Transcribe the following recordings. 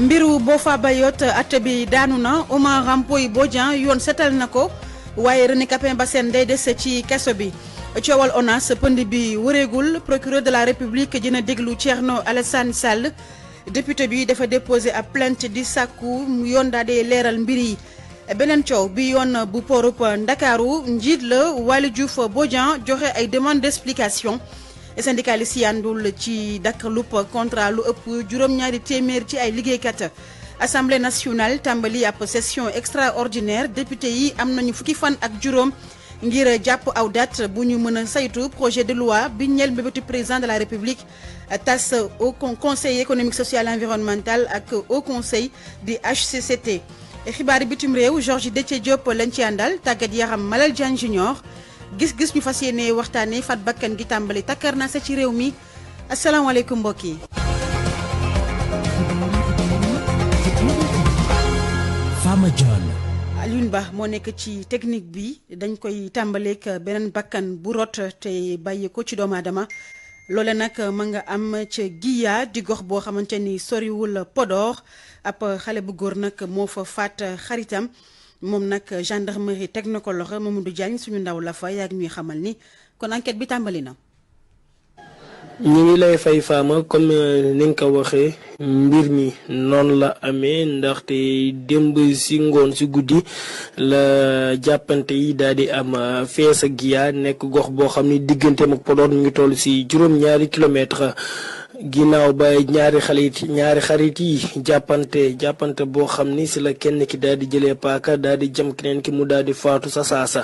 mbir Boffa Bayotte atte bi daanu na Oumar Rampoy Bodian yoon setal na ko waaye René Capain Bassène day des ci kaso bi coowal ONAS pënd bi wëreegul procureur de la république dina déglu Thierno Alassane Sall député bi dafa déposé ab plainte di sàkku yoon daal di leeral mbir yi beneen coow bi yoon bu porub Ndakaaru njiit la Waly Diouf Bodian joxe ay demande d'explication syndicaliste yi àndul ci dakkalub contrat lu ëpp juróom-ñaari téeméer ci ay assemblée nationale Tambali à possession extraordinaire député yi am nañu fukki fan ak juróom ngir japp aw date bu ñu mëna saytu projet de loi bi ñël mbébétu président de la république tas au conseil économique social environnemental ak au conseil du HCCT. xibaari bitum réew Georges Déthié Diop lañ ci andal tagat yaram Malal Diagne Junior. gis-gis ñu fas yéene waxtaanee fat bakkan gi tàmbali takkar naa sa ci réew mi asalaamaaleykum mbokk yi. Fama Dione. Ba moo nekk ci technique bi dañ koy tàmbaleek beneen bakkan bu rot te bàyyi ko ci doomu loole nag ma nga am ca Guiya di gox boo xamante ni soriwul Podor ab xale bu góor nag moo fa faat xaritam. moom nag gendarmerie teg na ko loxo Mamadou jàng suñu ndaw la fa yaag ñuy xamal ni kon enquête bi tàmbali na. ñu ngi lay fay faama comme euh, ni nga ko waxee mbir mi noonu la amee ndaxte démb si ngoon si guddi la jàppante yi daal di am euh, fees ak yaa nekk gox boo xam ni digganteem ak Podor ñu toll si juróom-ñaari kilomètre ginnaaw ba ñaari xarit ñaari xarit yi jàppante jàppante boo xam ni si la kenn ki daal di jëlee paaka daal di jëm keneen ki mu daal di faatu sa saasa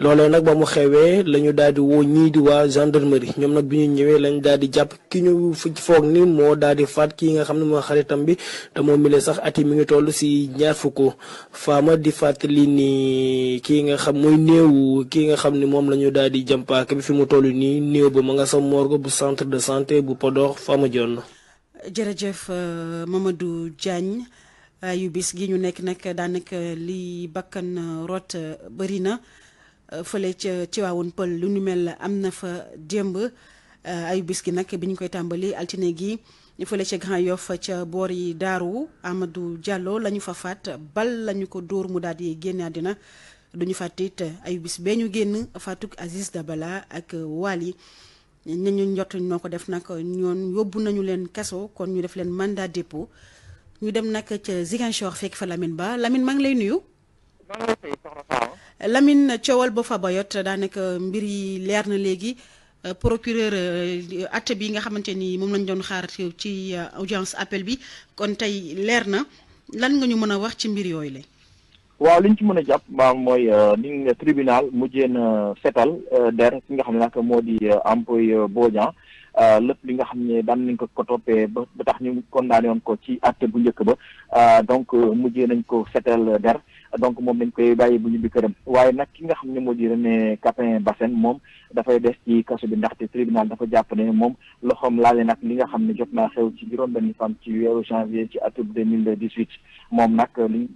loolee nag ba mu xewee la ñu daal di woo ñii di waa gendarmerie ñoom nag bi ñu ñëwee lañ daal di jàpp ki ñu foog ni moo daal di faat ki nga xam ne mooy xaritam bi te moo mile sax at yi mi ngi toll si ñaar fukk faama di fàttali ni ki nga xam mooy néew ki nga xam ni moom la ñu daal di jëm paaka bi fi mu toll nii néew ba ma nga sa morgue bu centre de santé bu podor fa ma jëloon na. jërëjëf euh, Mamadou Diagne euh, yu bis gi ñu nekk nag daanaka li bakkan euh, rot bëri na fële ca Tiwaawoon pël lu nu mel am na fa démb ayu bis gi nag bi ñu koy tàmbali altine gi fële ca Grand Yoff ca boor yi daaru Amadou Diallo lañu ñu fa faat bal lañu ko dóor mu daal di génne àddina du ñu fàttit ayu bis bee ñu génn faatuk Aziz Dabala ak yi ne ñu noo ko def nag ñoon yóbbu nañu leen kaso kon ñu def leen mandat dépôt ñu dem nag ca Ziguinchor fekk fa Lamine Ba lamin mag lay nuyu. lamin coowal ba fa boyot daanaka mbir yi leer na léegi procureur àtte euh, bi nga xamante ni moom lañ doon xaar ci euh, audience appel bi kon tey leer na lan nga ñu mën a wax ci mbir yooyu la. waaw liñ ci mën a jàpp maam mooy euh, tribunal mujjee settle euh, setal euh, der ki nga xam ne nag moo di ampoy booñaa lépp li nga xam ne daan nañ ko ko toppee ba ba tax ñu condamné woon ko ci bu njëkk ba donc nañ ko setal der donc moom dañ koy bàyyi bu ñibbi këram waaye nak ki nga xam ne moo di René Capin Bassène moom dafay des ci kaso bi ndaxte tribunal dafa jàpp ne moom loxoom laale nag li nga xam ne jot naa xew ci juróom-benn fan ci weeru janvier ci atum deux mille dix-huit moom nag li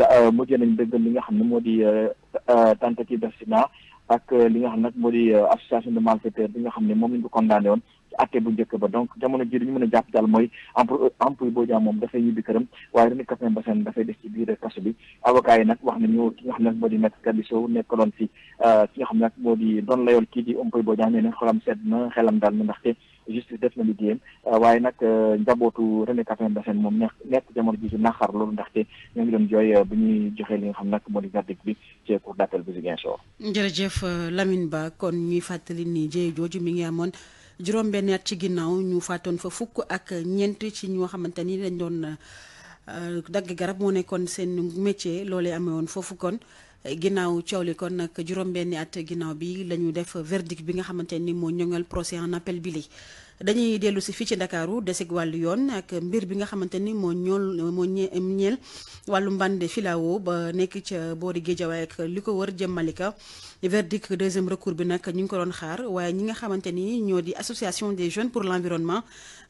euh, mujj nañ dëggal li nga xam ne moo di euh, euh, tentative d'assassinat ak li nga xam nag moo di association de malfaiteurs bi nga xam ne moom lañ ko condamné woon atte bu njëkk ba donc jamono ji dañu mën a jàpp daal mooy empr employé Bodian moom dafay ñibbi këram waaye Rewmi Quotidien Mbasane dafay des ci biir kaso bi avocat yi nag wax euh, na xolam euh, euh, nekk jamono ji ci naqar loolu ndaxte ñoo ngi doon jooy bu ñuy joxee li nga xam nag moo di verdict bi ci cour d'appel bu Ziguinchor jërëjëf Lamine Ba kon ñuy fàttali ni jéey jooju mi ngi amoon juróom benn at ci ginnaaw ñu fàttoon fa fukk ak ñeent ci ñoo xamante ni dañ doon euh, dagg garab moo nekkoon seen métier loolee amee woon foofu kon ginnaaw coow li kon nag juróom benni at ginnaaw bi la ñu def verdict bi nga xamante ni moo ñoŋal procès en appel bi li dañuy dellu si fii ci ndakaaru deseg wàll yoon ak mbir bi nga xamante ni moo ñool moo ñeel wàllu mbande filao ba nekk ca boori Géejawaay ak li ko wër jëm Malika verdict deuxième recours bi nag ñu ngi ko doon xaar waaye ñi nga xamante ni ñoo di association des jeunes pour l'environnement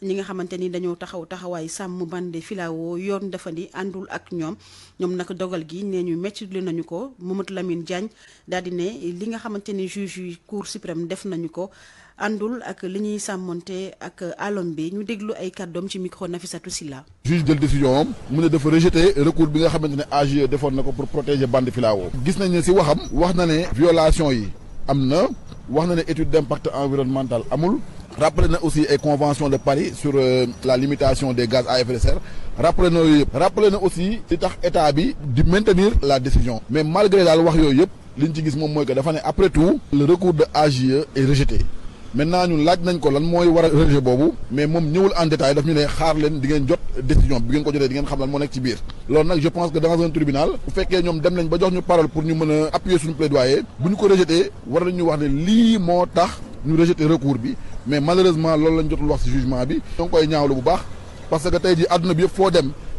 ñi nga xamante ni dañoo taxaw taxawaay sàmm mbande filao yoon defandi àndul ak ñoom ñoom nag dogal gi nee ñu métti nañu ko Mamadou lamin Diagne daal di ne li nga xamante ni juge yi cour suprême def nañu ko andul ak li ñuy sàmmonte ak alom bi ñu déglu ay kàddoom ci micro Nafisatou Silla juge jël décision am mu ne dafa rejeté recours bi nga xamante ne AGE defoon na ko pour protéger bande filao gis nañ ne si waxam wax na ne violation yi am na wax na ne étude d'impact environnemental amul rappelé na aussi ay convention de Paris sur euh, la limitation des gaz à effet de serre rappelé na yooyu yëpp rappelé na aussi li tax état bi di maintenir la décision mais malgré daal wax yooyu yëpp li ci gis moom mooy que dafa ne après tout le recours de AGE est rejeté maintenant ñun laaj nañ ko lan moy war a rejet boobu mais mom ñewul en détail daf ñu ne xaar leen di ngeen jot décision bi ngeen ko jotté di ngeen xam lan moo nekk ci biir lool nak je pense que dans un tribunal bu fekkee ñom dem nañ ba jox ñu parole pour ñu mëna appuyer suñu plaidoyer buñ ko rejeté war ñu wax né li mo tax ñu rejeté recours bi mais malheureusement lool lañ jotul wax ci jugement bi ñoo koy ñaawlu bu baax parce que tay ji aduna bi yëpp foo dem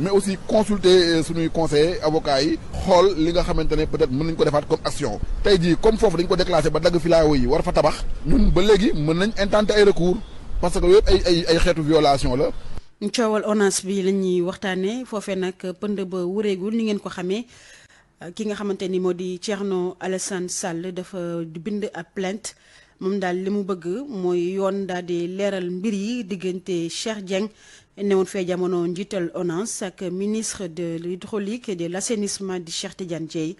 mais aussi consulter euh, suñuy conseil avocats yi xol li nga xamantene peut-être mën nañ ko defaat comme action tay jii comme fofu dañ ko déclarer ba dagg filao yi war fa tabax ñun ba légui mën nañ intenter ay recours parce que yépp ay ay ay xétu violation la coowal onance bi lañuy waxtané fofé nak nag pënd ba wureegul ni ngeen ko xamé ki nga xamante modi Cherno Alassane Sall dafa bind ab plainte mom daal limu bëgg moy yoon daal di léral mbir yi digënté Cheikh Dieng newoon fe jamono njiital onance, ak ministre de l'hydraulique et de l'assainissement di Cheikh Tidiane Dieye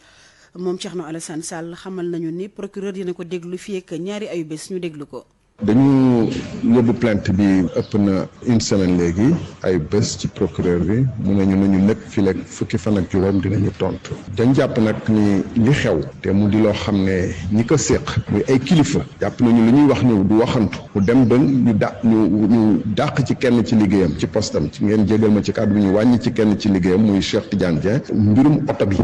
mon cheikhno Alassane Sall xamal nañu ni procureur dina ko de fii ak ñaari ayu bes ñu deglu ko. dañu ñu yóbbu plainte bi ëpp na une semaine léegi ay bés ci procureur bi mu ne ñu ne ñu nekk fii léegi fukki fan ak juróom dinañu tontu dañ jàpp nag ni li xew te mu di loo xam ne ñi ko séq muy ay kilifa jàpp nañu lu ñuy wax ni du waxantu mu dem ba ñu dàq ñu ñu dàq ci kenn ci liggéeyam ci postam ci ngeen jégal ma ci kàddu bi ñu wàññi ci kenn ci liggéeyam muy Cheikh Tidiane Dieng mbirum oto bi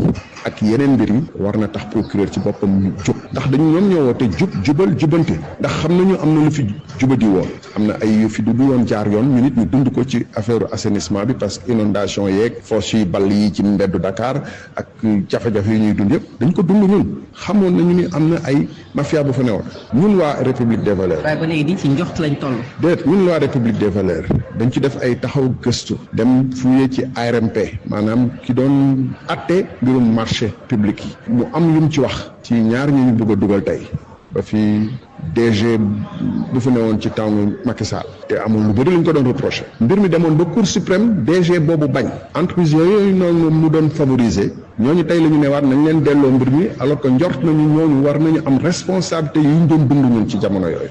ak yeneen mbir yi war na tax procureur ci boppam ñu ndax dañu ñoom ñoo woote jub jubal jubante ndax xam nañu am na fi juba di woon am na ay yu fi du woon jaar yoon ñu nit ñu dund ko ci affaire assainissement bi parce que inondation yeeg fosse yi ball yi ci mbeddu dakaar ak jafe-jafe yi ñuy dund yëpp dañ ko dund ñun xamoon nañu ni am na ay mafia bu fa newoon ñun waa république des valeurs. waaye ba léegi di ci njoxt lañ toll. ñun waa république des valeurs dañ ci def ay taxaw gëstu dem fuyee ci ARMP maanaam ki doon atte mbirum marché public yi mu am lu mu ci wax ci ñaar ñi ñu bëgg dugal tey. ba fi DG bu fi newoon ci temps Macky Sall te amul lu bëri lu ko doon reproché mbir mi demoon ba Cour suprême DG boobu bañ entreprise yooyu noonu mu doon favoriser ñooñu tey la ñu newaat nañ leen delloo mbir mi alors que njort nañu ñooñu war nañu am responsabilité yi ñu doon dund ñun ci jamono yooyu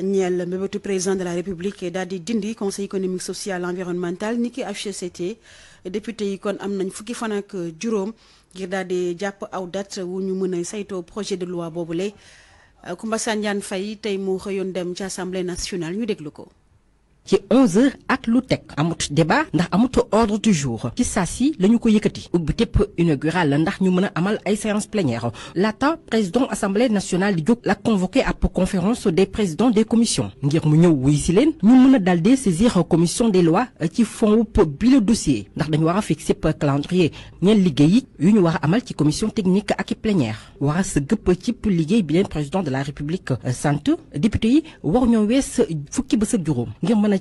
Niel, le président de la république d'Adi di dindi conseil économique social environnemental niki HCCT député yi kon am nañ fukki fan ak juróom ngir où nous avons aw date projet de loi boobule kumba Sanjaan Fayi, tey mu xëyoon dem ci nationale nous déglu ci 11h ak lu tek amout débat ndax amut ordre du jour ci sasi le ko yëkëti ubbi tepp inaugural ndax ñu mëna amal ay séance plénière laata président assemblée nationale di jóg la convoqué à conférence des présidents des commissions ngir mu ñëw wuy ci leen ñu mëna dal saisir commission des lois ci fond bi le dossier ndax dañu wara a fixé calendrier ñen liggéey yi yu ñu wara amal ci commission technique ak plénière wara se sa ci cip liggéey bi leen président de la république euh, santou député yi war ñoo wess fukki ak ngir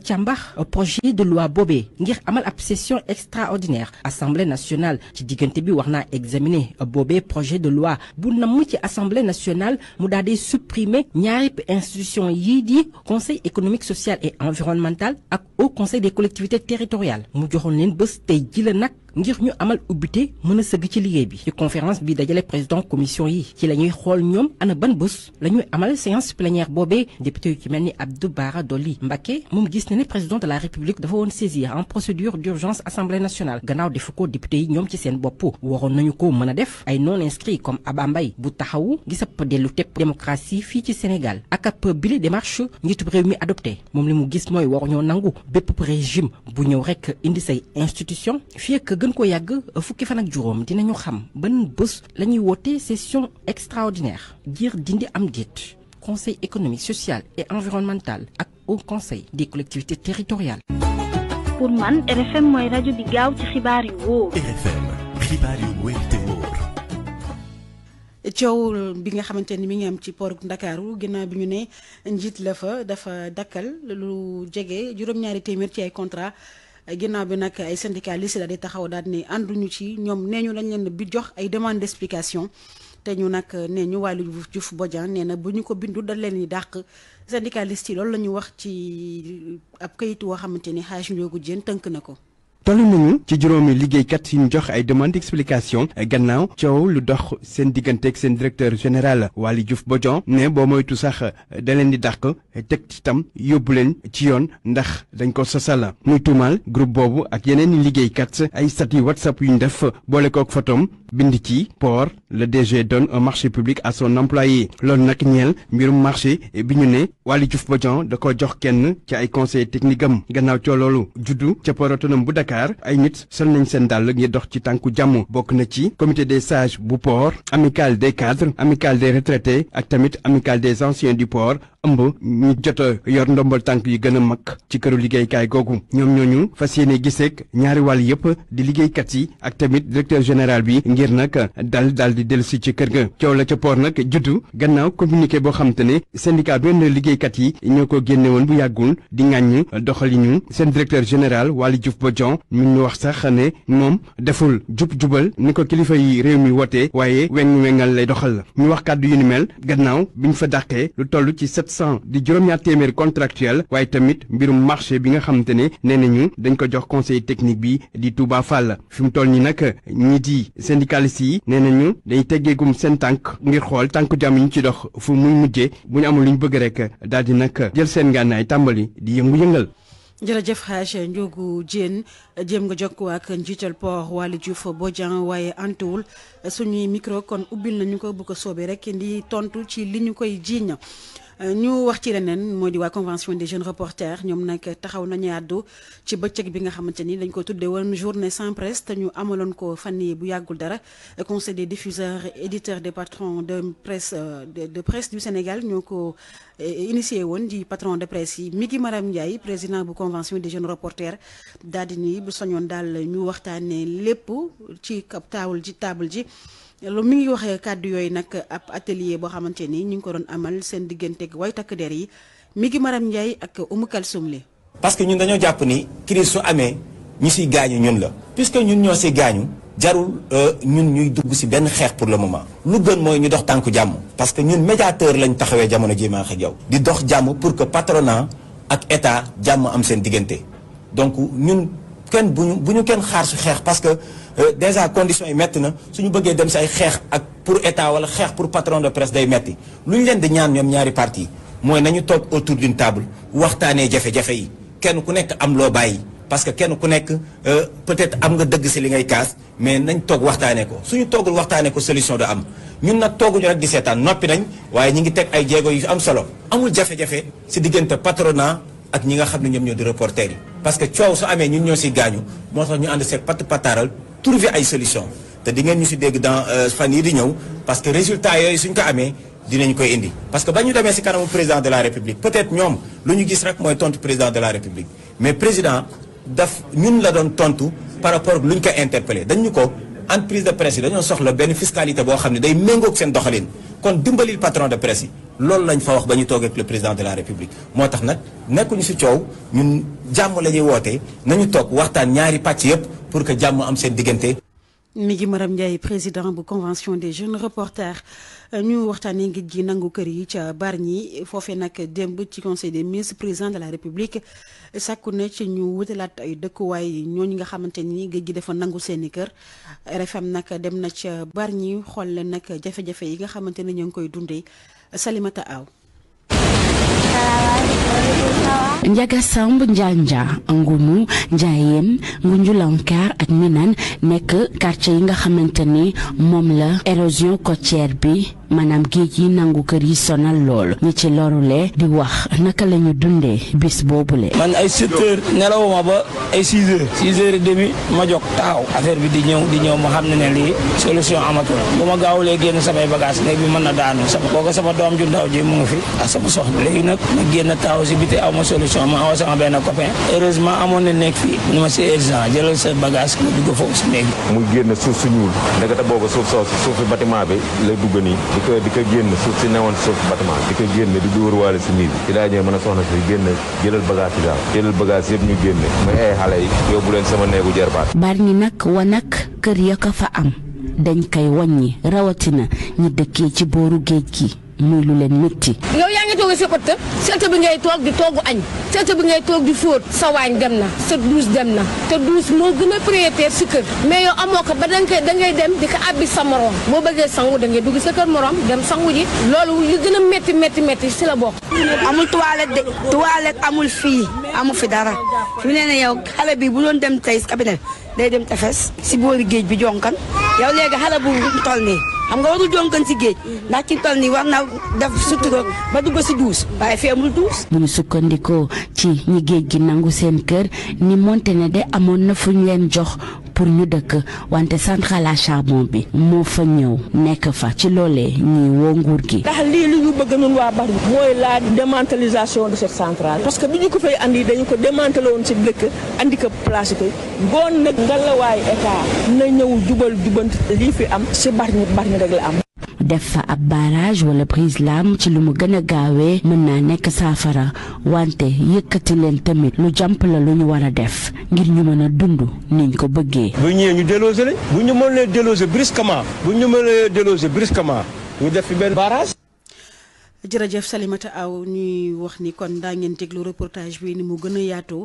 le projet de loi Bobé ngir a une obsession extraordinaire assemblée nationale ci examiné bi examiner Bobé projet de loi bu L'Assemblée assemblée nationale mu supprimé supprimer ñaari institution conseil économique social et environnemental au conseil des collectivités territoriales ngir ñu amal Oubité, mëna sëgg ci liggéey bi ci conférence bi dajalé président commission yi ci lañuy ñuy xool ñoom ana ban lañuy amal séance plénière boobee député yu ci mel ni Abdou Bara Dolly Mbaké, moom gis ne président de la république dafa woon saisir en procédure d'urgence assemblée nationale gannaaw defu ko député yi ñoom ci seen bopp waroon nañu ko mën a def ay non inscrits comme Abba Mbaye bu taxawu gisap dellu tepp démocratie fii ci Sénégal ak ab bile démarche njiitub réew mi adopté moom li mu gis mooy waruñoo nangu bépp régime bu ñëw rek indi say institution fii ak gën ko yàgg fukki fan ak juróom dinañu xam ban bés la ñuy woote session extraordinaire ngir dindi am déet conseil économique social et environnemental ak au conseil des collectivités territoriales. pour man RFM mooy rajo bi gaaw ci xibaar yu wóor. RFM xibaar yu wóor te wóor. coow bi nga xamante ni mi ngi am ci port Ndakaaru ginnaaw bi ñu ne njiit la fa dafa dakkal lu jege juróom-ñaari téeméer ci ay contrats. ay ginnaaw bi nag ay syndicalistes daal di taxaw daal ni ànduñu ci ñoom nee ñu lañ leen bi jox ay demande d'explication te ñu nag nee ñu Waly Diouf Bodian nee na bu ñu ko bindu dal leen di dàq syndicalistes yi loolu la ñu wax ci ab kayit woo xamante ni xaaj Ndiogou Diène tënk na ko. toll nañu ci juróomi liggéeykat yi ñu jox ay demande explication gannaaw coow lu dox seen digganteek seen directeur général Waly Diouf Bodian ne boo moytu sax da leen di dàq teg ci tam yóbbu leen ci yoon ndax dañ ko sosal muy tuumaal groupe boobu ak yeneen i liggéeykat ay statut WhatsApp yu ñu def boole kook fotoom bind ci port le DG donne un marché public à son employé Lon nakniel ñeel mbirum marché et ñu ne Waly Diouf Bodian da ko jox kenn ci ay conseil technique am gannaaw coo loolu juddu ca port autonome bu Dakar ay nit sol nañ seen dàll ngir dox ci comité des sages bu port amicale des cadres amicale des retraités ak tamit amicale des anciens du port ëmb ñu jot yor ndombal tank yi gëna mak mag ci këru liggéeykaay googu ñoom ñooñu fas giseek ñaari wal yëpp di kat yi ak tamit directeur général bi Ngi ngir Dal dal daal di dellusi ci kër ga ciow la ci por nak juddu gannaaw communiqué bo xam syndicat benn liggéeykat yi ñoko ko génne bu yagul di doxali ñu sen directeur général wali Diouf Bodian ñu ñu wax sax ne mom deful jub djubal niko kilifa yi réew mi wootee waaye weñ wengal lay doxal ñu wax kaddu yu ni mel gannaaw biñ fa daqé lu tollu ci 700 di juroom ñaar contractuel waye tamit mbirum marché bi nga xam te dañ ko jox conseil technique bi di Touba Fall fi toll ni nak ñi syndicat syndicaliste yi nee nañu day teggeegum seen tànk ngir xool tànk jàmm yi ñu ci dox fu muy mujje bu ñu amul lu ñu bëgg rek daal di nag jël seen ngànnaay tàmbali di yëngu-yëngal. jërëjëf xaaj Ndiogu Diène jéem nga jokkoo ak njiital port Waly Diouf Bodian waaye antuwul suñuy micro kon ubbil nañu ko bu ko soobee rek ndi tontu ci li ñu koy jiiñ. Nous, wax ci di convention des jeunes reporters nous nag taxaw nañu àddu ci bëccëg bi nga xamante dañ ko journée sans presse nous ñu Fanny ko fan bu dara conseil des diffuseurs éditeurs des patrons de presse de presse du Sénégal nous ko eh, initié woon di patron de presse Miki mi Maram Ndiaye président bu convention des jeunes reporters daal di ni bu soñoon daal ñu waxtaanee lépp ci taabal ji. lu mi ngi waxee kàddu yooyu nag ab atelier boo xamante ko amal seen digganteeg way takk der yi mi ngi Maram Ndiaye ak Oumou Kalsoum li parce que ñun dañoo jàpp ni crise su amee ñi siy gaañu ñun la puisque ñun ñoo si gaañu jarul euh, ñun ñuy dugg si benn xeex pour le moment lu gën mooy ñu dox tànku jàmm parce que ñun médiateur lañ taxawee jamono jii maa yow di dox jàmm pour que patronat ak état jàmm am seen diggante donc ñun kenn bu kenn xaar su xeex parce que Euh, déjà conditions yi métti na suñu bëggee dem say ay ak pour état wala xeex pour patron de presse day metti lu leen di ñaan ñom ñaari parti moy nañu tok autour d'une table waxtaanee jafé jafé yi kenn ku nekk am lo bàyyi parce que kenn ku nekk euh, peut-être am nga dëgg ci li ngay kaas mais nañ tok waxtaanee ko suñu toogul waxtaanee ko solution da am ñun nag tooguñu rek di seetaan noppi nañ waye ñi ngi tek ay djégo yu am solo amul jafé jafé ci diggante patronat ak ñi nga xam ñom ñoo di reporter yi parce que coow su amé ñun ñoo ci gañu mo tax ñu ànd seeg pat pataral trouver ay solution te di ngeen ñu si dégg dans euh, fan di parce que résultat yooyu suñ ko amee dinañ koy indi parce que ba ñu demee si président de la république peut-être ñoom lu ñu gis rek mooy tontu président de la république mais président daf ñun la doon tontu par rapport l'unique ñu interpeller interpellé dañu ko entreprise de presse yi dañoo le benn fiscalité boo xam ne day méngoog seen doxalin kon dimbalil patron de presse yi loolu lañ fa wax ba ñu ak le président de la république Moi t'as nag nekkuñu si coow ñun jàmm la ñuy wootee nañu toog waxtaan ñaari pàcc yëpp pour que jàmm am sen diggante. mi ngi Maram Ndiaye président bu convention des jeunes reporters ñu waxtaanee ngir gi nangu kër yi ca Bargny fofé nak demb ci conseil des ministres président de la république sakku ne ci ñu wutalaat ay dëkkuwaay ñoo nga xamanteni ni gi dafa nangu seen kër RFM nak dem na ca Bargny xool leen nag jafe-jafe yi nga xamanteni ne ñoo ngi koy dundee Salimata Aw. Ndiaga Samb Ndianja Ngumu Ndiayem Ngunjulankar ak Minane nekk quartier yi nga xamante ni moom la érosion côtière bi maanaam géej nangu kër yi sonal ñi ci lorule di wax naka la bis boobule. man ay 7 heures nelawuma ba ay 6 6 demi ma jog taxaw affaire bi di ñëw di ma ne solution amatul buma ma gaawulee génn bagage léegi bi mën daanu sama kooku sama doom ju ndaw ji mu fi ak ah, sama soxna ma si biti aw solution émission ma awa sama benn amoon na nekk fii mu ne ma c'est urgent jëlal sa bagage nga dugg foofu si néeg muy génn suuf su ñuul ndekete boobu suuf soosu suufu bâtiment bi lay dugg nii di ko di ko génn suuf si newoon suuf bâtiment di ko génn di dóor waale si miir bi ci daa ñëw mën a soxna si génn jëlal bagage yi daal jëlal bagage yëpp ñu génne muy ay eh, xale yi yóbbu leen sama néegu jarbaat bari ñi nag wanag kër ya ko fa am dañ koy wàññi rawatina ñi dëkkee ci booru géej gi muy lu leen métti nga sa ëtt sa ëtt bi ngay toog di toogu añ sa bi ngay toog di fóot sa waañ dem na sa duus dem na te duus moo gën a prioritaire si kër mais yow amoo ko ba danga da ngay dem di ko abbi sa morom boo bëggee sangu da ngay dugg sa kër moroom dem sangu ji loolu li gën a métti métti si la bokk amul toilette de toilette amul fii amul fi dara fi mu ne yow xale bi bu doon dem tey cabinet day dem tefes si boori géej bi jonkan yow léegi xale bu toll nii xam nga warul jonkan si géej ndax ci toll nii war na def sutura ba dugg si duus waaye fi amul duus bu ñu sukkandikoo ci ñi géej gi nangu seen kër ni monte ne de amoon na fu ñu leen jox pour ñu dëkk wante centrale à charbon bi moo fa ñëw nekk fa ci loolee ñuy woo nguur gi. ndax lii li ñu bëgg nun waa bari mooy la démantélisation de cette centrale parce que bi ñu ko fay andi dañu ko démantelé woon ci dëkk andi ko place ko goon nag ngalawaay état na ñëw jubal jubant lii fi am ci bari ñu bari ñu rek la am. def fa ab barrage wala brise lame ci lu mu gën a gaawee mën naa nekk saafara wante yëkkati leen tamit lu jàmp la lu ñu war a def ngir ñu mën a dund niñ ko bëggee. bu ñëwee ñu délogé lañ bu ñu mënee délogé brusquement bu ñu mënee délogé brusquement ñu def fi benn barrage. jërëjëf Salimata Aw ñuy wax ni kon daa ngeen déglu reportage bii ni mu gën a yaatoo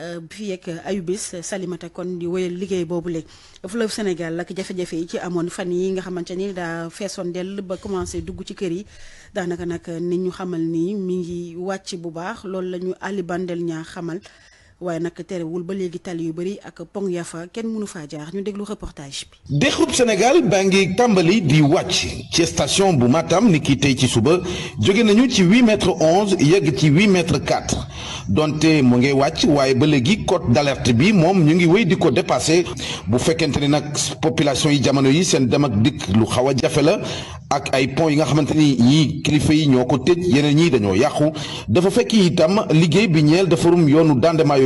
euh, fii ak ayubis Salimata kon di wéyal liggéey boobu léegi fleuve Sénégal ak jafe-jafe yi ci amoon fan yi nga xamante ni daa feesoon dell ba commencé dugg ci kër yi daanaka nag nit ñu xamal nii mi ngi wàcc bu baax loolu la ñu Ali Bandel ñaa xamal. waaye nag terewul ba léegi tali yu bari ak pont yafa fa kenn mënu faa jaar ñu déglu reportage bi. dexub Sénégal baa ngi di wàcc ci station bu Matam ni ki tey ci suba jóge nañu ci huit mètre onze yegg ci huit mètre quatre donte mu ngi wàcc waaye ba léegi code d'alerte bi moom ñu ngi wéy di ko dépassé bu fekkente ni population yi jamono yi seen dem ak dikk lu xaw a ak ay pont yi nga xamante ni yii kilifa yi ñoo ko tëj yeneen dañoo yàqu dafa fekk itam liggéey bi de forum yoonu Dandemayo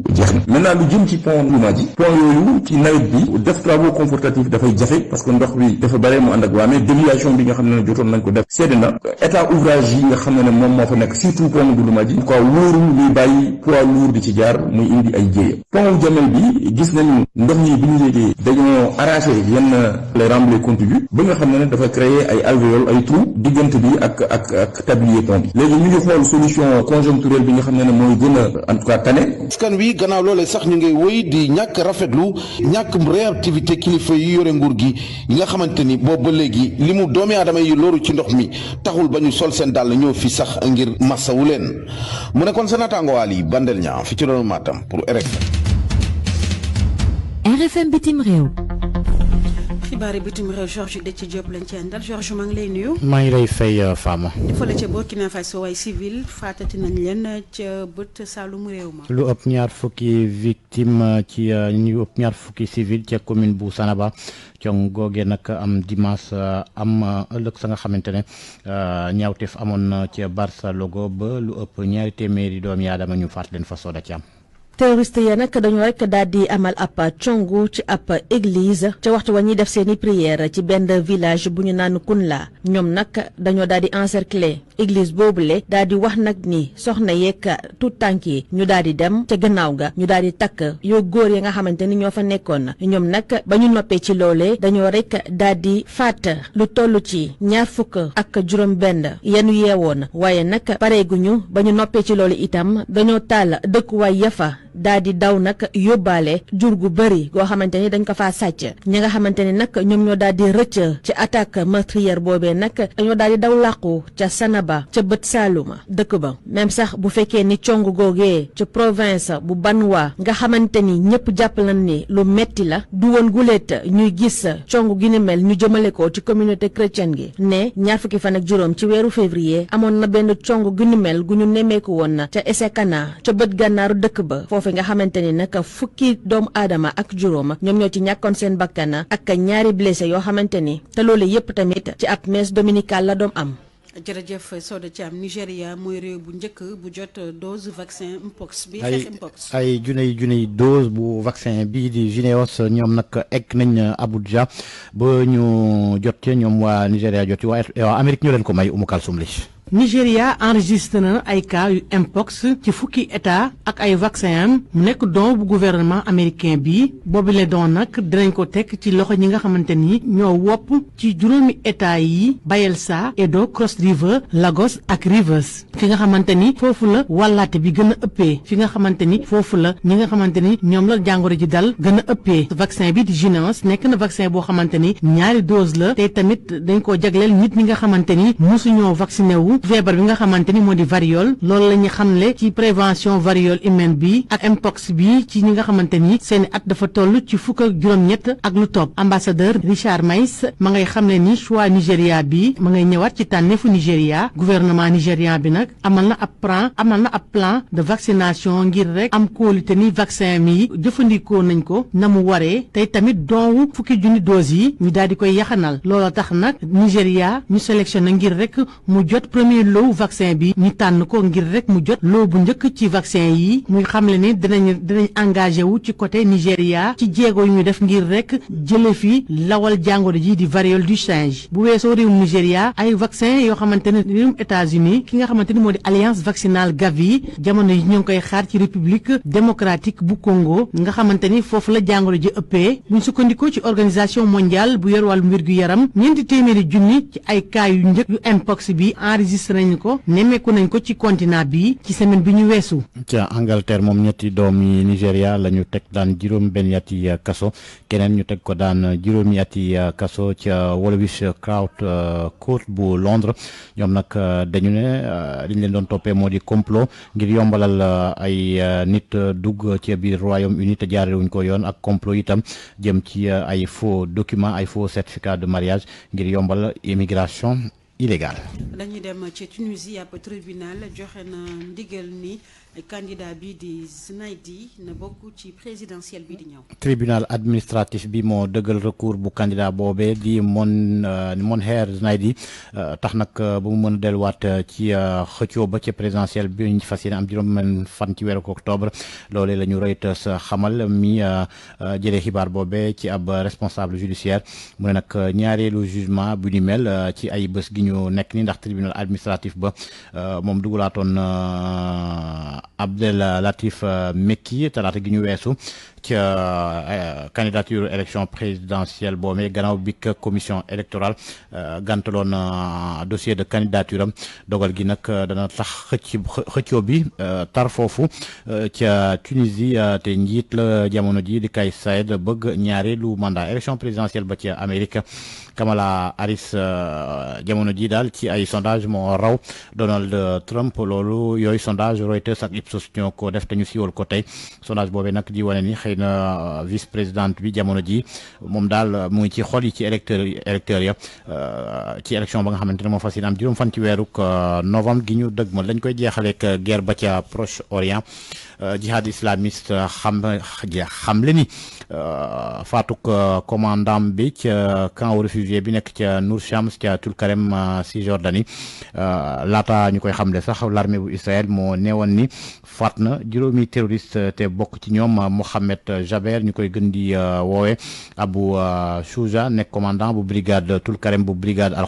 maintenant lu jëm ci pont Louma ji pont yooyu ci nawet bi def travaux confortatifs dafay jafe parce que ndox bi dafa bare mu ànd ak mais déviation bi nga xam ne jotoon nañ ko def seede na état ouvrage yi nga xam ne ne moom moo fa nekk surtout pont bu Louma ji quoi wóorul luy bàyyi poids lourd di ci jaar muy indi ay jéeya pont jamel bi gis nañu ndox ñi bi ñu yéegee dañoo arraché yenn les remblais contigus ba nga xam ne dafa créer ay alvéoles ay trous diggante bi ak ak ak tablier pont bi léegi ñu ngi xool solution conjoncturelle bi nga xam ne ne mooy gën a en tout cas tane gi gannaaw loolee sax ñu ngay wéy di ñàkk rafetlu ñàkk réactivité kilifa yi yore nguur gi yi nga xamante ni boobu ba léegi li mu doomi aadama yi looru ci ndox mi taxul ba ñu sol seen dàll ñëw fi sax ngir wu leen mu nekkoon sa naataango Ali Bandel Niang fi ci doonu Matam pour RFM RFM xibaari bitim réew Georges Dëcc Diop lañ ci àndal Georges maa ngi lay maa ngi lay fay euh, Fama. fële ca Burkina Faso waaye civil faatati nañ leen euh, ca bët Saalum réew ma. lu ëpp ñaar fukki victime euh, ci ñu ëpp ñaar fukki civil ca commune bu Sanaba cong googee nag am dimanche am ëllëg sa nga xamante ne ñaawteef amoon ca Barça logo ba lu ëpp ñaari téeméeri doom aadama ñu faat leen fa sooda ci am. terroriste ya nag dañoo rekk daal di amal ab congu ci ab église ca waxtu wa ñuy def seeni prière ci benn village bu ñu naan Kounla ñoom nag dañoo daal di encercler boobu boobule daal di wax nag ni soxna yeeg tout tànk yi ñu daal di dem ca gannaaw ga ñu daal di takk yoo góor ya nga xamante ni ñoo fa nekkoon ñoom nag ba ñu noppee ci loole dañoo rek daal di faat lu toll ci ñaar fukk ak juróom benn yanu yeewoon waaye nag pareeguñu ba ñu noppee ci loolu itam dañoo taal dëkkuwaay yafa daal di daw nag yóbbaale jur gu bëri goo xamante ni dañ ko fa sàcc ñi nga xamante ni nag ñoom ñoo daal di rëcc ci attaque meurtrière boobee nag dañoo daal di daw làqu ca Sanaba ca bët Saaluma dëkk ba même sax bu fekkee ni cong googee ca province bu Banwa nga xamante ni ñëpp jàpp nañ ni lu metti la du woon guléet ñuy gis cong gi ni mel ñu jëmale ko ci communauté chrétienne gi ne ñaar fukki fan ak juróom ci weeru février amoon na benn cong gi ni gu ñu nemmeeku woon ca Esekana ca bët gànnaaru dëkk ba foofu nga xamante ni nag fukki doomu aadama ak juróoma ñoom ñoo ci ñàkkoon seen bakkana ak ñaari blessé yoo xamante ni te loolu yépp tamit ci ab messe dominicale la doom am. jërëjëf Soda Thiam Nigéria mooy réew bu njëkk bu jot dose vaccin mpox bi xeex mpox bu vaccin bi di JYNNEOS ñoom nag egg nañ Abuja ba ñu jot ci ñoom waa Nigéria jot ci waa Amérique ñoo leen ko may Umu Kalsum li Nigeria enregistré na ay cas yu mpox ci fukki état ak ay vaccin am mu nekk don bu gouvernement américain bi le don nag dinañ ko teg ci loxo ñi nga xamante ni ñoo wopp ci juróomi état yi Bayelsa Edo Cross River Lagos ak Rivers fi nga xamante ni foofu la wàllaate bi gën a ëppee fi nga xamante ni foofu la ñi nga xamante ni ñoom la jàngoro ji dal gën a ëppee vaccin bi di Jynneos nekk na vaccin boo xamante ni ñaari dose la te tamit dañ koo jagleel nit ñi nga xamante ni mosuñoo vacciné wu feebar bi nga xamante ni moo di variole loolu la ñu xamle ci prévention variole humaine bi ak mpox bi ci ñi nga xamante ni seeni at dafa toll ci fukk ak juróom-ñett ak lu topp ambassadeur Richard Maïs ma ngay xamle ni choix Nigéria bi ma ngay ñëwaat ci tànneefu Nigéria gouvernement nigérian bi nag amal na ab plan amal na ab plan de vaccination ngir rek am kóolute ni vaccin mi jëfandikoo nañ ko na mu waree tey tamit doowu fukki junni dose yi ñu daal di koy yaxanal looloo tax nag Nigéria ñu sélectionné ngir rek amee loowu vaccin bi ñu tànn ko ngir rek mu jot loo bu njëkk ci vaccin yi muy xamle ne dinañ dinañ engagé wu ci côté Nigéria ci jéego yu ñu def ngir rek jële fi lawal jàngoro ji di variole du singe bu weesoo réewum Nigéria ay vaccin yoo xamante ne réewum États-Unis ki nga xamante ni moo di alliance vaccinale Gavi jamono yi ñoo ngi koy xaar ci république démocratique bu Congo nga xamante ni foofu la jàngoro ji ëppee buñ sukkandikoo ci organisation mondiale bu enregistré nañu ko nemmeeku nañ ko ci continant bi ci semaine bi ñu weesu. ca Angleterre moom ñetti doom Nigéria la ñu teg daan juróom benn ati kaso keneen ñu teg ko daan juróomi ati kaso ca Woolwich Crown euh, Court bu Londres ñoom nag euh, dañu ne euh, liñ leen doon toppee moo di complot ngir yombalal ay nit dugg ci biir Royaume-Uni te jaarewuñ ko yoon ak complot itam jëm ci ay foo document ay faux certificats de mariage ngir yombal immigration. illégale. dañuy dem ci Tunisie ab tribunal joxe na ndigal ni candidat bi di Znaydi na bokku ci présidentiel bi di ñëw. tribunal administratif bi mo deugal recours bu candidat bobé di Mon euh, Monher Znaydi euh, tax nag euh, bu mu mën del wat ci xëccio ba ci présidentiel bi ñu fassiyé yéene am juróom fan ci wéru octobre l'olé la ñu Reuters xamal mi jëlé xibar bobé ci ab responsable judiciaire mu ne nag ñaareelu jugement bu ñu mel ci ay bés gi ñu nekk ni ndax tribunal administratif ba moom dugalaatoon. Abdel Latif eh, Mekki talaata gi ñu weesu ci euh, euh, candidature élection présidentielle boobee ganaw bik commission électorale euh, gantolon dossier de candidature am dogal gi nak dana tax xëcc bi tar qui ci Tunisie té njit la jamono ji di kay saïd bëgg lu mandat élection présidentielle ba ci Amérique Kamala Harris jamono ji dal ci ay sondage mon raw Donald Trump lolu yoy sondage Reuters ak Ipsos ñoo ko def té ñu siiwal ko tay sondage bobé nak di ni xëy na euh, vice présidente bi jamono ji moom daal mu ngi ci xol yi ci électeur électeurs ya euh, ci élection ba nga xamante ne moo fas yéene am juróom fan ci weeruk euh, novembre gi ñu dëgmal lañ koy jeexaleek guerre ba ca Proche Orient Euh, jihad islamiste xam xamle ni euh, faatuk euh, commandant bi ca camp réfugié bi nekk ca Nour Shams ca Tulkarem si Jordanie laata ñu koy xamle sax l'armée bu Israël moo neewoon ni faat na juróomi terroriste te bokk ci ñoom Mohamed Jaber ñu koy gën di woowe Abu Shouja nekk commandant bu brigade Tulkarem bu brigade al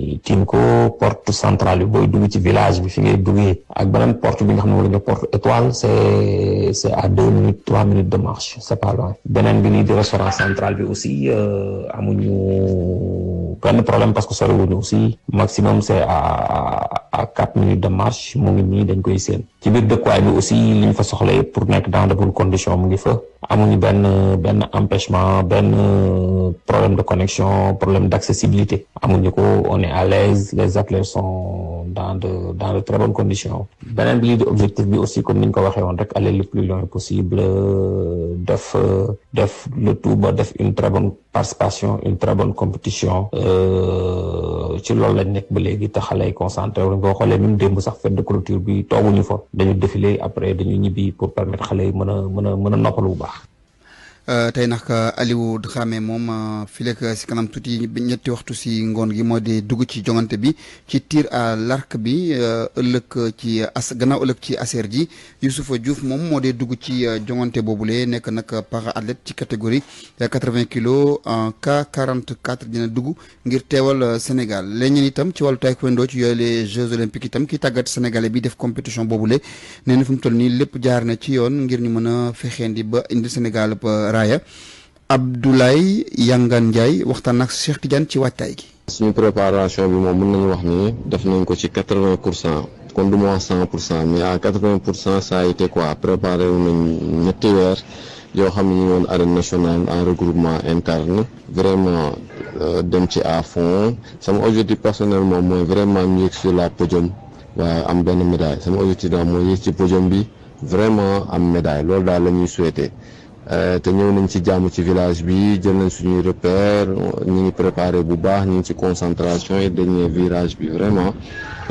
tiim ko porte centrale bi booy dugg ci village bi fi ngay duggee ak beneen porte bi nga xam ne wala nga porte étoile c' est c' à deux minutes trois minutes de marche pas loin beneen bi nii di restaurant central bi aussi euh, amuñu benn problème parce que sori wuñu aussi maximum c' est à à quatre minutes de marche mu ngi nii dañ koy seen ci bi aussi liñ fa soxla pour nekk dans de bonnes conditions mu ngi fa amuñu ben ben empêchement ben problème de connexion problème d'accessibilité amuñu ko on est à l'aise les athlètes sont dans de dans de très bonnes conditions L'objectif bi objectif aussi comme ko waxé rek aller le plus loin possible euh, def euh, def le tout ba def une très bonne participation une très bonne compétition euh, ci loolu lañ nekk ba léegi te yi concentré wuñ boo xoolee même démb sax fête de clôture bi ñu fa dañu défilé après dañu ñibbi pour permettre xale yi mën a mën a mën a noppalu bu baax Euh, tey nag euh, Aliou Dramé moom euh, fileeg si kanam tuuti ñetti waxtu si ngoon gi moo di dugg ci jongante bi ci tiir à l'arc bi ëllëg ci as gannaaw ëllëg ci aser ji Youssoufa Diouf moom moo dee dugg ci jongante boobule nekk nag para athlète ci catégorie 80 kilos en K44 dina dugg ngir teewal Sénégal leneen itam ci wàllu taekwondo ci yooyu les Jeux olympiques itam ki tàggat sénégalais bi def compétition boobule nee na fu mu toll nii lépp jaar na ci yoon ngir ñu mën a fexeen di ba indi Sénégal. raaya Abdoulaye Yangan Ndiaye waxtaan ak Cheikh Tidiane ci waajtaay gi. suñu préparation bi moom mën nañu wax ni def nañ ko ci quatre vingt pour cent kon du ma wax cent pour cent mais à quatre vingt pour cent ça a été quoi préparé yoo xam ne ñu woon arène nationale en regroupement interne vraiment euh, dem ci à fond sama objectif personnel moom mooy vraiment ñu yëg sur la podium waaye am benn médaille sama objectif daal mooy yëg ci podium bi vraiment am médaille loolu daal la ñuy Euh, te ñëw nañ ci jàmm ci village bi jël nañ suñuy repère ñu ngi préparé bu baax ñu ngi ci concentration et dernier virage bi vraiment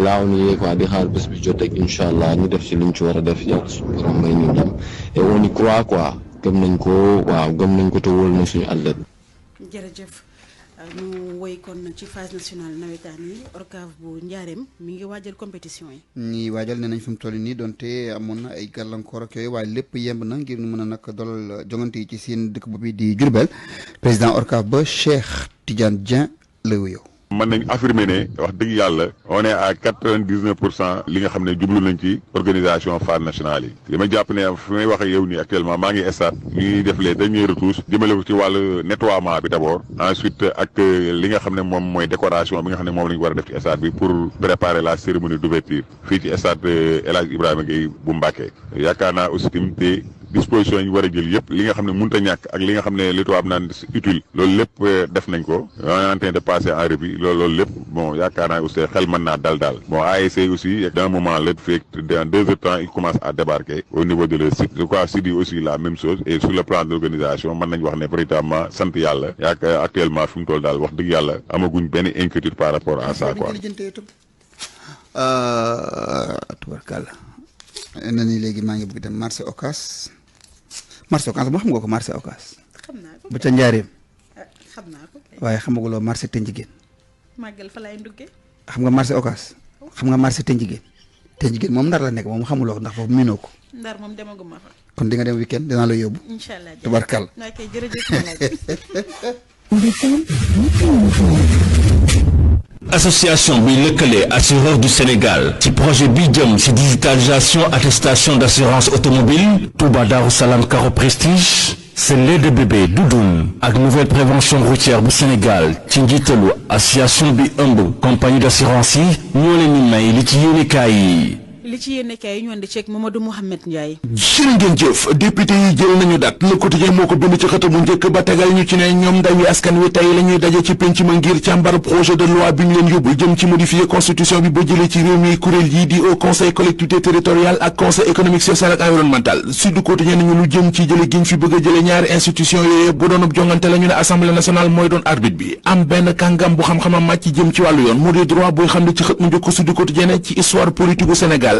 laa ni yee quoi di xaar bés bi jot ak incha allah ñu def ci liñ ci war a def yàlla suñu borom may ñu dem et on y croit quoi gëm nañ ko waaw gëm nañ ko te wóol na suñu athlète. jërëjëf. ñu woy kon ci phase nationale nawetaan yi orcave bu njaareem mi ngi waajal compétition yi. ñi waajal nee nañ fi mu toll nii donte amoon na ay gàllankoor ak yooyu waaye lépp yemb na ngir ñu mën a nakk dolal jongante yi ci seen dëkk boobu di Diourbel président orcave ba Cheikh Tidiane Dieng la wuyoo mën nañ affirmer ne wax dëgg yàlla on est à pour cent li nga xam ne jublu nañ ci organisation phare national yi li ma jàpp ne fi may wax ak yow nii actuellement maa ngi stade ñuy def les derniers retouches jëmale ko ci wàllu nettoiement bi d'abord ensuite ak li nga xam ne moom mooy décoration bi nga xam ne moom la ñu war a def ci stade bi pour préparer la cérémonie d'ouverture fii ci stade El Hadj Ibrahima Gueye bu Mbacké yaakaar naa aussi tamit disposition yi ñu war a jël yëpp li nga xam ne mënut a ñàkk ak li nga xam ne li tubaab naan utile loolu lépp euh, def nañ ko loolu lépp bon yaakaar naa aussi xel mën naa dal daal bon ASC aussi d'un moment le fait dans deux heures temps il commence à débarquer au niveau de leur site je crois site yi aussi la même chose et sur le plan d' organisation mën nañ wax ne véritablement sant yàlla yaak euh, actuellement fi mu toll daal wax dëgg yàlla amaguñ benn inquiétude par rapport à ça quoi euh, tubarkàlla na ni léegi marché Ocass moo xam nga ko marché Ocass. xam naa ko ba ca Njaareem. Ah, xam naa ko waaye xamaguloo marché Tenjigéen. màggal fa laay duggee. xam nga marché ocas xam nga marché te Tenjigéen moom ndar la nekk moom xamuloo ko ndax foofu miinoo ko. ndar moom demaguma fa. kon di nga dem weekend dinaa la yóbbu. incha allah tubarkal. ok jërëjëf association bi assureur du Sénégal ci projet Bidium digitalisation ci digitalisation attestation d'assurance automobile Touba Darou Salam Caro Prestige c'est lait de bébé Doudoum Avec nouvelle prévention routière du Sénégal Tingitelo association bi compagnie d'assurance ici, ñoo ni li ci yéen jëf député yi jël nañu dat le quotidien moo ko bind ci xët bu njëkk ba tegal ñu ci ne ñoom ndawi wi tey la daje ci penc ma ngir càmbar projet de loi bi ñu leen yóbbu jëm ci modifier constitution bi ba jëlee ci réew mi kuréel yi di au conseil collectivité territoriale ak conseil économique social environnemental sud du quotidien nañu lu jëm ci jële giñ fi bëgg a jële ñaari institution yooyu bu doon jongante la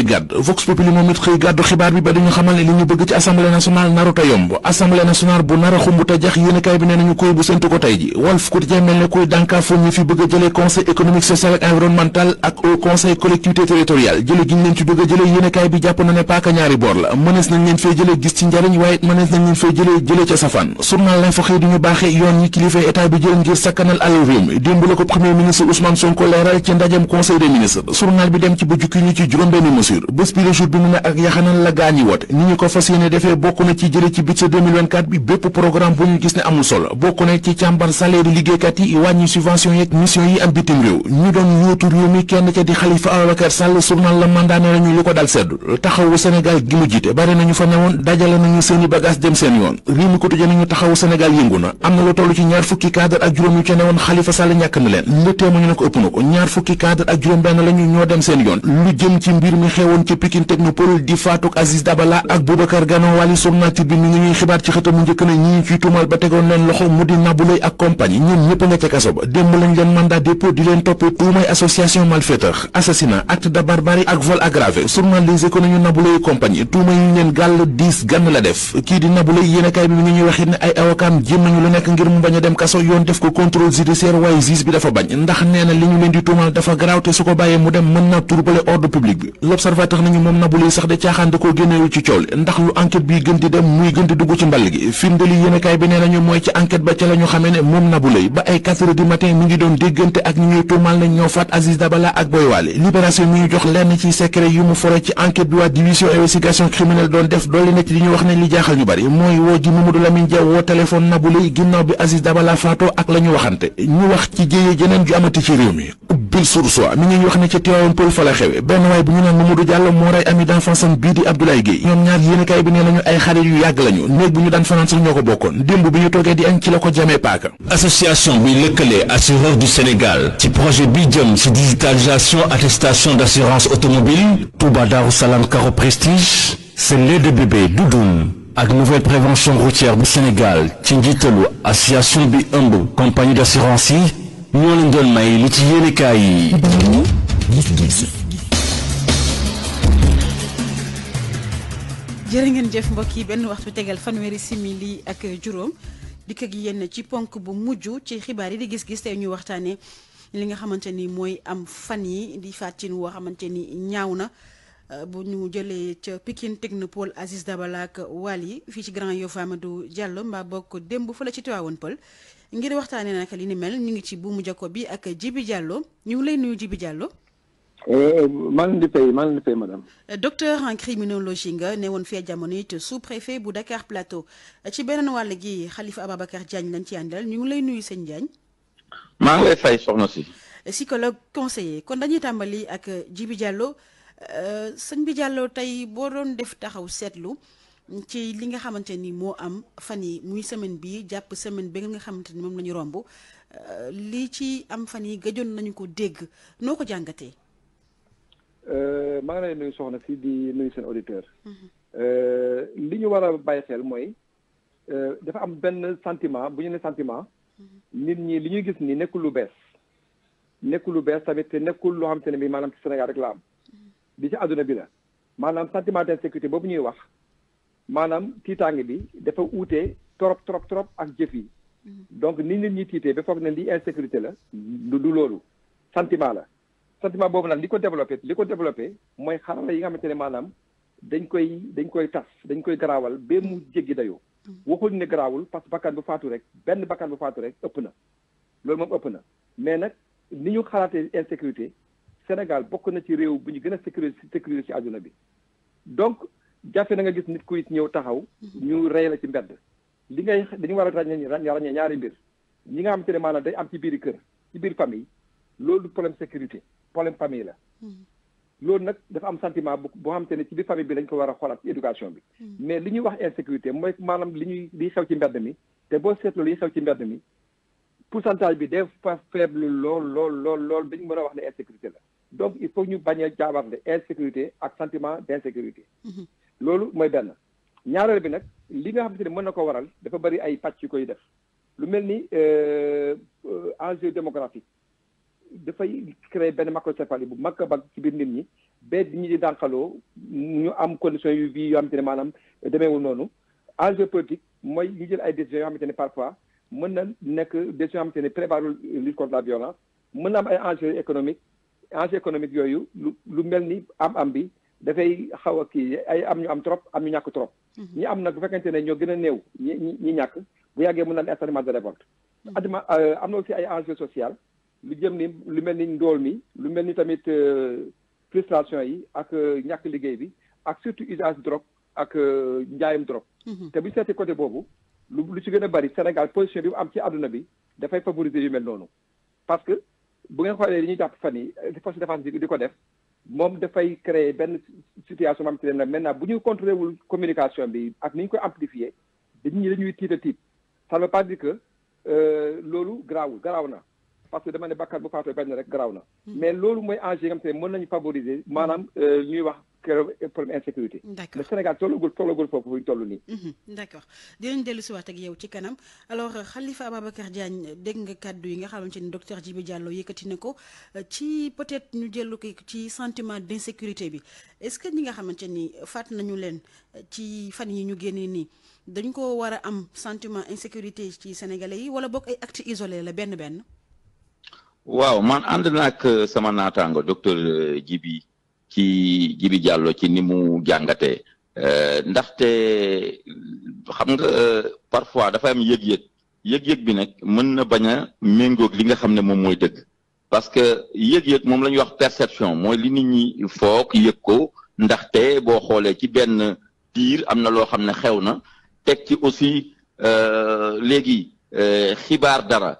di Vox Populi moom it xëy gàddu xibaar bi ba dañu xamal li ñu bëgg ci assemblée nationale naruta yomb assemblée nationale bu nara xumb te jax yéen bi nee nañu koy bu séntu ko tey ji Walf Quotidien mel ne kuy dànkaafu ñu fi bëgg a jëlee conseil économique social environnemental ak au conseil collectivité territoriale jële gi leen ci bëgg a jëlee yéen bi jàpp na ne paaka ñaari boor la mënees nañ leen fee jëlee gis ci njariñ waaye it mesure bés bi le jour bi mu ne ak yaxanal la gaañi woote ni ñu ko fas yéene defee bokk na ci jële ci budget 2024 bi bépp programme bu ñu gis ne amul solo bokk na ci càmbar salaire liggéeykat yi wàññi subvention yeeg mission yi am bitim réew ñu doon yóotu réew mi kenn ca di Xalifa Ababacar Sall journal la mandaane nañu lu ko dal seddul taxawu Sénégal gi mu jiite bari nañu fa newoon dajale nañu seeni bagage dem seen yoon réew mi ko tëjee nañu taxawu Sénégal xewoon ci Pikine Technopole di faatuk Aziz Dabala ak Boubacar Gano Wali journal bi mi ngi ñuy xibaar ci xëtamu njëkk ne ñi ñu ciy ba tegoon leen loxo mu di Naboulaye ak compagnie ñoom ñëpp nga ca kaso ba démb lañ leen mandat dépôt di leen toppee tuumay association malfaiteur assassinat acte de barbarie ak vol aggravé journal Les Échos nañu Naboulaye compagnie tuuma yi leen gàll diis gann la def kii di Naboulaye yéenekaay bi mi ngi ñuy waxit ne ay awakaam ko contrôle judiciaire l'observateur nañu moom Nabou Leye sax de caaxaan da koo génnewu ci coow li ndax lu enquête bi gën di dem muy gën di dugg ci mball gi firndeli yéenekaay bi nee nañu mooy ci enquête ba ca la ñu ne moom Nabou Leye ba ay 4 heures du matin mi ngi doon déggante ak ñi ñuy tuumal ne ñoo faat Aziz Dabala ak Boy Wale libération mi ñu jox lenn ci secret yu mu fore ci enquête bi waa division investigation criminelle doon def doole na ci li ñu wax ne li jaaxal ñu ak la ñu waxante ñu wax ci jéyee jeneen ju amati ci réew ubbil sursoa mi ngi wax ne ci Tivaouane Pël fa la xewé ben way bu ñu naan Mamadou Diallo mo ray ami d'enfance bi di Abdoulaye Gueye ñoom ñaar kay bi nee nañu ay xarit yu yag lañu néeg bu ñu daan fanaan sax ñoo ko bi ñu toogee di ci la ko jamee association bi lëkkalee assureur du Sénégal ci projet bi jëm ci digitalisation attestation d'assurance automobile Touba Darou Salam Caro Prestige c'est lait de bébé Doudoum ak nouvelle prévention routière du Sénégal ci njiitalu association bi ëmb compagnie d'assurance yi ñoo leen doon may li ci yéenekaay yi. ngeen jëf mbokk yi benn waxtu tegal fanweeri simili ak juróom dikk ak yéen ci ponk bu mujj ci xibaar yi di gis-gis tey ñu waxtaanee li nga xamante ni mooy am fan yi di fàttin woo xamante ni ñaaw na. Euh, bu ñu jëlee ca pikin Pikine Technopole Aziz Dabala ak yi fii ci Grand Yoff Amadou Diallo mbaa bokk démb fa la ci Tivaouane Peulh ngir li ni mel ñu ngi ci bi ak Diallo Diallo. Eh, euh, docteur en criminologie nga sous-préfet bu Dakar Plateau ci benen wàll gi Khalifa ababakar Diagne lañ ci àndal ñu ngi lay nuyu lay fay soxna psychologue conseiller kon dañuy ak Djibi Diallo euh, sëñ bi Diallo ci li nga xamante ni moo am fan yi muy semaine bii jàpp semaine bi nga xamante ni moom la ñu romb euh, lii ci am fan yi gëjoon nañu ko dégg noo ko jàngatee. Euh, maa ngi lay nuyu soxna si di nuyu seen auditeur mm-hmm. euh, li ñu war a bàyyi xel mooy dafa am benn sentiment bu ñu ne sentiment mm-hmm. nit ñi li ñuy gis ni nekkul lu bees nekkul lu bees tamit te nekkul loo xam te ne bi maanaam ci Sénégal rek la am di mm-hmm. ci àdduna bi la maanaam sentiment d'insécurité boobu ñuy wax maanaam tiitaange bi dafa uute trop trop trop ak jëf yi mm-hmm. donc ni nit ñi tiitee ba foog ne lii insécurité la du du loolu sentiment la sentiment boobu nag li ko développé li ko développé mooy xarala yi nga xamante ne maanaam dañ koy dañ koy tas dañ koy garaawal ba mu jéggi dayoo mm-hmm. waxuñ ne garaawul parce que bakkan bu faatu rek benn bakkan bu faatu rek ëpp na loolu moom ëpp na mais nag ni ñu xalaatee insécurité Sénégal bokk na ci réew bu ñu gën a sécuriser sécuriser ci àdduna bi jafe na nga gis nit kuy ñëw taxaw mhm. ñu rey la ci mbedd li ngay dañu war a ràññee ràññee ñaari mbir ñi nga xam te ne maanaam day am ci biir kër ci biir famille loolu problème sécurité problème famille la mhm. loolu nag dafa am sentiment bu boo xam te ne ci biir famille bi dañ ko war a xoolaat ci éducation bi mhm. mais li ñuy wax insécurité mooy maanaam li ñuy liy xew ci mbedd mi te boo seetloo liy xew ci mbedd mi pour pourcentage bi des fois faible lool lool lool lool dañu mën a wax ne insécurité la donc il faut ñu bañ a jaabaat insécurité ak sentiment d' loolu mooy benn ñaareel bi nag li nga xamante ne mën na ko waral dafa bari ay pàcc yu koy def lu mel ni euh, euh, enjeu démographique dafay créer benn macrocéphalie bu mag a mag ci biir nit ñi ba nit ñi di dànqaloo ñu am conditions yu vie yoo xamante ne maanaam demeewul noonu enjeu politique mooy ñu jël ay décisions yoo xamante ne parfois mën na nekk décision yoo xamante ne prévarul lutte contre la violence mën na am ay enjeu économique enjeu économique yooyu lu lu mel ni am-am bi dafay xaw a kii ay am ñu am trop am ñu ñàkk trop. Mhm. ñi am nag bu fekkente ne ñoo gën a néew ñi ñi ñàkk bu yàggee mën naan incitement de révolte. Mhm. adama euh, am na aussi ay enjeu social lu jëm ni lu mel ni ndóol mi lu mel ni tamit euh, frustration yi ak euh, ñàkk liggéey bi ak surtout usage drop ak njaayam drogue. Mhm. te bu ñu seetee côté boobu lu lu ci gën a bari Sénégal position bi mu am ci àdduna bi dafay favoriser yu mel noonu parce que bu ngeen xoolee li ñuy jàpp fan yi force défense di ko def. moom dafay créer benn situation am te ne maintenant bu ñu contrôlé wul communication bi ak ni ñu koy amplifier dañuy dañuy tiit a tiit ça ne veut pas dire que euh, loolu garaawul garaaw na. parce que dama ne bakkan bu faatoo benn rek garaaw na hmm. mais lolu moy enjeu nga xam te ne favoriser manam hmm. euh, ñuy wax problème insécurité le Sénégal tologul tologul fofu fu ñu ni hmm, d'accord d' accord dinañ dellu ci waat ak yow ci kanam alors Khalifa ababakar Diagne dégg nga kàddu yi nga ni docteur Djibi Diallo yëkkati nako euh, ci peut être ñu jëllu ci sentiment d'insécurité insécurité bi est ce que ñi nga xamante ni faat nañu len euh, ci fan yi ñu génnee ni dañ ko wara am sentiment insécurité ci sénégalais yi wala bok ay actes isolés la benn ben waaw man ànd naag euh, sama naataango docteur euh, Jibi ci Jibi Diallo ci ni mu jàngatee euh, ndaxte xam nga parfois dafa am yëg-yëg yëg-yëg bi nag mën na bañ a méngoog li nga xam ne moom mooy dëgg parce que yëg-yëg moom la ñuy wax perception mooy li nit ñi foog yëg ko ndaxte boo xoolee ci benn diir am na loo xam ne xew na teg ci aussi léegi xibaar dara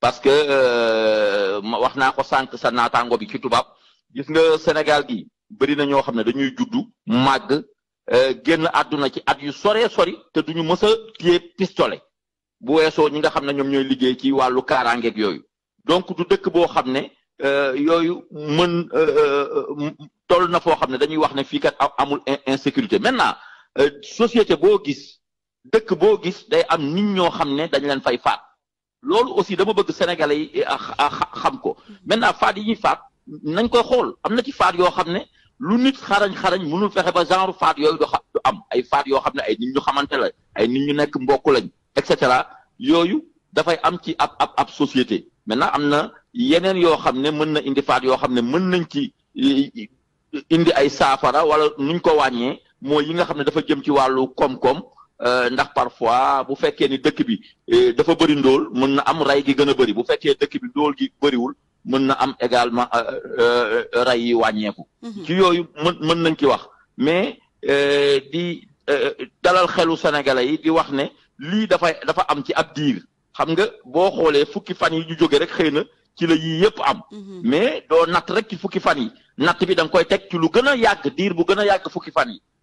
parce que euh, wax naa ko sànq sa naataango bi ci tubaab gis nga Sénégal gi bëri na ñoo xam ne dañuy juddu màgg euh, génn àdduna ci at yu soree sori te duñu mës a téye pistolet bu weesoo ñi nga xam ne ñoom ñooy liggéey ci wàllu kaaraangeeg yooyu donc du dëkk boo xam ne euh, yooyu mën toll na foo xam ne dañuy wax ne fii kat amul in insécurité maintenant société boo gis dëkk boo gis day am nit ñoo xam ne dañ leen fay faat. loolu aussi dama bëgg sénégalais yi xam ko maintenant faat yi ñuy faat nañ koy xool am na ci faat yoo xam ne lu nit xarañ xarañ mënul fexe ba genre faat yooyu du am ay faat yoo xam ne ay nit ñu xamante la ay nit ñu nekk mbokk lañ et cetera yooyu dafay am ci ab ab ab société maintenant am na yeneen yoo xam ne mën na indi faat yoo xam ne mën nañ ci indi ay saafara wala nuñ ko wàññee mooy yi nga xam ne dafa jëm ci wàllu koom-koom Euh, ndax parfois bu fekkee ni dëkk bi eh, dafa bëri ndóol mën na am ray gi gën a bëri bu fekkee dëkk bi ndóol gi bëriwul mën na am également euh, euh, ray yi wàññeeku. Mhm. ci yooyu mën nañ ci wax mais di dalal xelu sénégalais yi di wax ne lii dafa dafa am ci ab diir xam nga boo xoolee fukki fan yi ñu jóge rek xëy na ci la yii yëpp am. Mhm. mais doo natt rek ci fukki fan yi natt bi da koy teg ci lu gën a yàgg diir bu gën a yàgg fukki fan yi.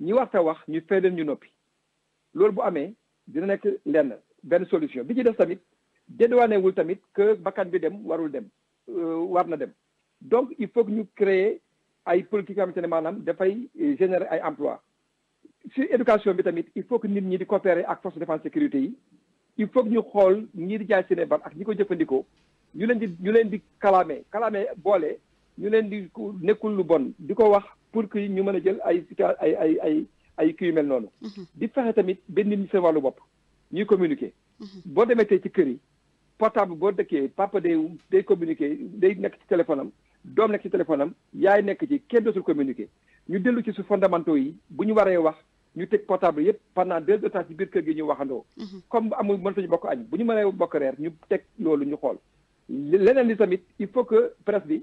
Nous avons wax ñu fay ñu noppi loolu bu amee dina lenn solution bi ci tamit tamit que bakkan bi dem warul dem euh, donc il faut que nous créer ay politique yoo euh, générer ay emploi si éducation il faut que nous ñi di coopérer force de défense sécurité il faut que nous xool ñi di jaay seen bar ak ñi ko jëfandikoo ñu di ñu leen di nekkul lu bon di ko wax pour que ñu mën a jël ay ay ay ay ay kii yu mel noonu. Mhm. di fexe tamit benn nit ñi seen wàllu bopp ñuy communiquer. Mhm. boo demee tey ci kër yi portable boo dëkkee papa day day communiquer day nekk ci téléphone am doom nekk ci téléphone am yaay nekk ci kenn dootul communiquer ñu dellu ci su fondamentaux yi bu ñu waree wax. ñu teg portable yëpp pendant deux heures ci biir kër gi ñu waxandoo. Mhm. comme amul mënatuñu bokk añ bu ñu mënee bokk reer ñu teg ñu xool. leneen li tamit il faut que presse bi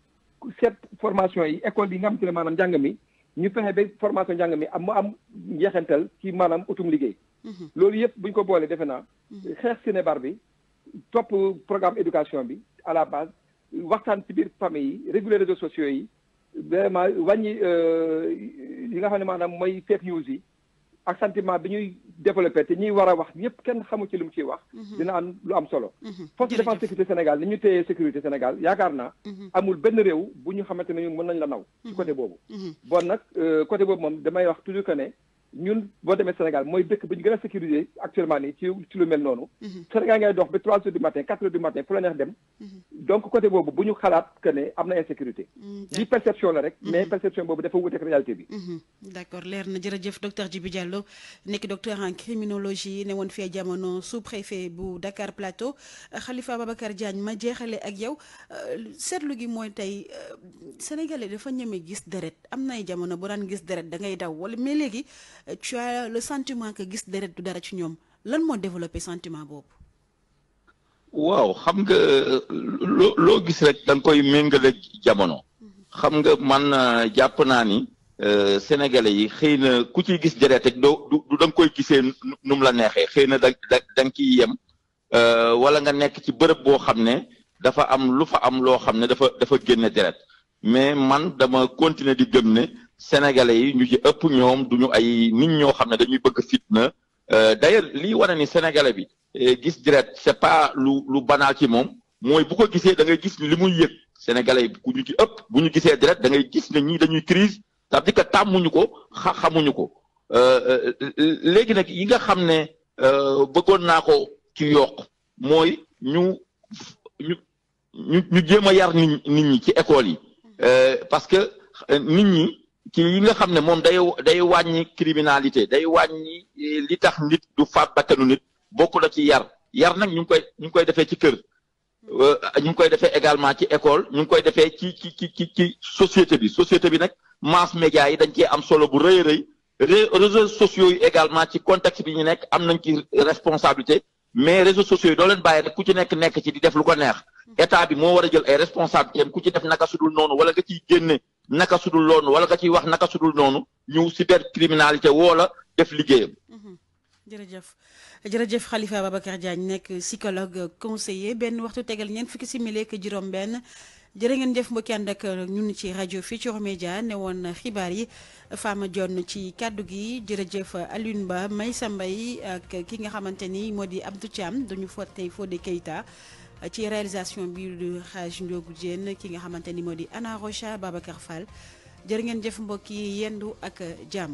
seet formation yi école yi nga xam te ne njàng mi ñu fexe ba formation njàng mi am mu am njeexantal ci maanaam utum liggéey mhm. loolu yëpp bu ñu ko boolee defe naa mhm. xeex Sénébar bi topp programme éducation bi à la base waxtaan ci biir famille yi réguler réseaux sociaux yi vraiment wàññi yi euh, nga xam ne maanaam mooy fake news yi ak sentiment bi ñuy développé te ñuy war a wax ñëpp kenn xamu ci lu mu ciy wax. Mhm. dina am lu am solo. Mhm. force de défense sécurité Sénégal ni ñu téye sécurité Sénégal yaakaar naa. Mhm. amul benn réew bu ñu xamante ne mën nañ la naw. ci côté boobu. bon nag euh, côté boobu moom damay wax toujours que ne. ñun boo demee Sénégal mooy dëkk bi ñu gën a sécuriser actuellement nii ci ci lu mel noonu. Mhm. Sénégal ngay dox ba trois heures du matin quatre heures du matin fu la neex dem. Mhm. donc côté boobu bu ñu xalaat que ne am na insécurité. di mm, perception la rek. Mhm. mais perception boobu dafa wuteek réalité bi. d' accord leer na jërëjëf docteur Djibi Diallo nekk docteur en criminologie ne woon fee jamono sous préfet bu Dakar Plateau Khalifa Babacar Diagne ma jeexale ak yow euh, seetlu gi mooy tey euh, sénégalais dafa ñeme gis deret am na ay jamono bu daan gis deret da ngay daw wala mais léegi. Euh, tu as le sentiment que gis deret du dara ci ñoom lan moo développé sentiment boobu waaw xam nga loo gis rek da nga koy méngale jamono mhm. xam nga man euh, jàpp naa ni euh, sénégalais yi xëy na ku ci gis deret rek doo du da nga koy gisee nu la neexee xëy na da da nga ciy yem wala nga nekk ci bërëb boo xam ne dafa am lu fa am loo xam ne dafa dafa génne deret mais man dama continuer di gëm ne sénégalais yi ñu ci ëpp ñoom duñu ay nit ñoo xam ne dañuy bëgg fitna euh, d'ailleurs li wane ni sénégalais bi euh, gis direct c'est pas lu lu banal ci moom mooy bu ko gisee da ngay gis li muy yëg sénégalais yi ku ñu ci ëpp bu ñu gisee direct da ngay gis ne ñii dañuy crise c'est-à-dire que tàmmuñu ko xa xamuñu ko euh, léegi nag yi nga xam ne bëggoon naa ko ci yokk mooy ñu ñu ñu jéem a yar nit nit ñi ci école yi parce que nit ñi ci yi nga xam ne moom day day wàññi criminalité day wàññi eh, li tax nit du faat bakkanu nit bokk na ci yar yar nag ñu ngi koy ñu koy defee ci kër euh, ñu ngi koy defee également ci école ñu ngi koy defee ci ci ci ci ci société bi société bi nag mass média yi dañ cee am solo bu rëy rëy réseaux sociaux yi également ci contexte bi ñu nekk am nañ ci responsabilité mais réseaux sociaux yi doo leen bàyyi rek ku ci nekk nekk ci di def lu ko neex mm. état bi moo war a jël ay responsabilités ku ci def naka sudul noonu wala nga ciy génne naka sudul loonu wala nga ciy wax naka sudul noonu ñu cybercriminalité woo la def liggéeyam. Mhm. jërëjëf jërëjëf Khalifa Ababacar Diagne nekk psychologue conseiller benn waxtu tegal ñeent fukki simili ak juróom-benn jërë ngeen jëf mbokki ànd ñu ñun ci rajo Futurs média ne woon xibaar yi Fama Dione ci kàddu gi jërëjëf Alioune Ba Maysa Mbaye ak ki nga xamante ni moo di Abdou Thiam dañu foo de Keita. ci réalisation bi du xaaj Ndiogu Diène ki nga xamanteni modi ana Rocha Babacar Fall jërë ngeen jëf mbokk yi yendu ak jam